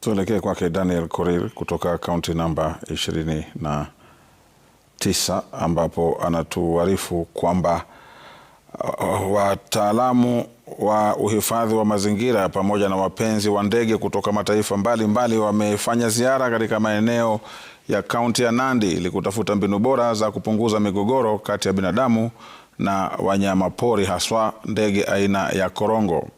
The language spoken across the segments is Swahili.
Tuelekee kwake Daniel Korir kutoka kaunti namba 29 ambapo anatuarifu kwamba uh, wataalamu wa uhifadhi wa mazingira pamoja na wapenzi wa ndege kutoka mataifa mbalimbali wamefanya ziara katika maeneo ya kaunti ya Nandi ili kutafuta mbinu bora za kupunguza migogoro kati ya binadamu na wanyamapori haswa ndege aina ya korongo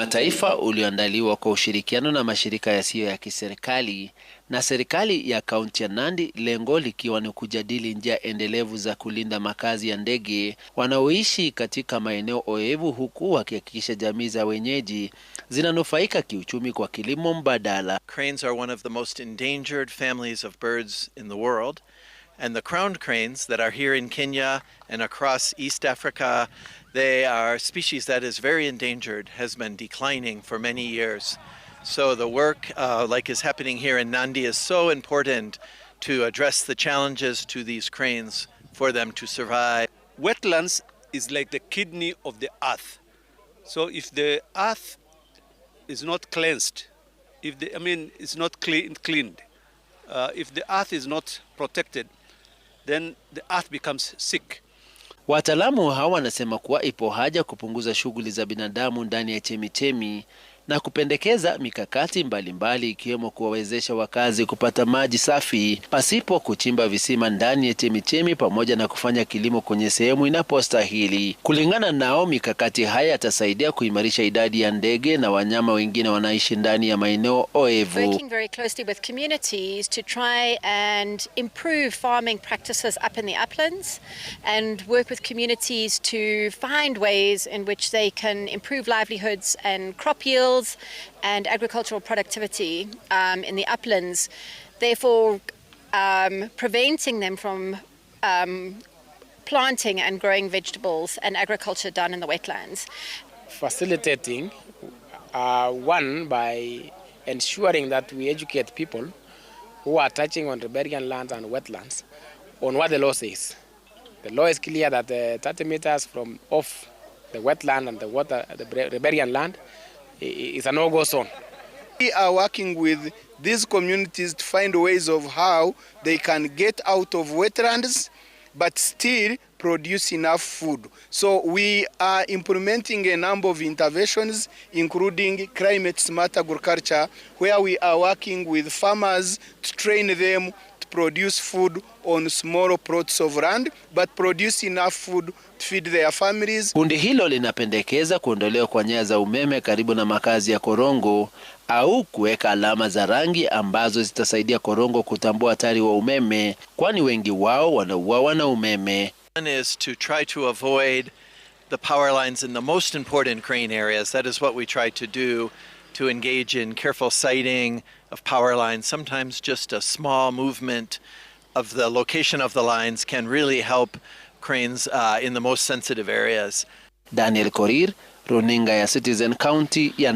kimataifa ulioandaliwa kwa ushirikiano na mashirika yasiyo ya kiserikali na serikali ya kaunti ya Nandi, lengo likiwa ni kujadili njia endelevu za kulinda makazi ya ndege wanaoishi katika maeneo oevu, huku wakihakikisha jamii za wenyeji zinanufaika kiuchumi kwa kilimo mbadala. Cranes are one of the most endangered families of birds in the world and the crowned cranes that are here in Kenya and across East Africa They are a species that is very endangered, has been declining for many years. So the work uh, like is happening here in Nandi is so important to address the challenges to these cranes for them to survive. Wetlands is like the kidney of the earth. So if the earth is not cleansed, if the, I mean it's not clean, cleaned, uh, if the earth is not protected, then the earth becomes sick. Wataalamu hawa wanasema kuwa ipo haja kupunguza shughuli za binadamu ndani ya chemichemi na kupendekeza mikakati mbalimbali ikiwemo kuwawezesha wakazi kupata maji safi pasipo kuchimba visima ndani ya chemichemi pamoja na kufanya kilimo kwenye sehemu inapostahili. Kulingana nao, mikakati haya yatasaidia kuimarisha idadi ya ndege na wanyama wengine wanaishi ndani ya maeneo oevu. Ways in which they can improve livelihoods and crop yields. yields and agricultural productivity um, in the uplands, therefore um, preventing them from um, planting and growing vegetables and agriculture done in the wetlands. Facilitating, uh, one, by ensuring that we educate people who are touching on riparian lands and wetlands on what the law says. The law is clear that uh, 30 meters from off the wetland and the water, the riparian land, is a no-go zone. We are working with these communities to find ways of how they can get out of wetlands but still produce enough food. So we are implementing a number of interventions including climate smart agriculture where we are working with farmers to train them produce food on small plots of land but produce enough food to feed their families. Kundi hilo linapendekeza kuondolewa kwa nyaya za umeme karibu na makazi ya korongo au kuweka alama za rangi ambazo zitasaidia korongo kutambua hatari wa umeme, kwani wengi wao wanauawa na umeme. is to try to avoid the power lines in the most important crane areas. That is what we try to do to engage in careful sighting of power lines, sometimes just a small movement of the location of the lines can really help cranes uh, in the most sensitive areas. Daniel Korir, Runinga ya Citizen County ya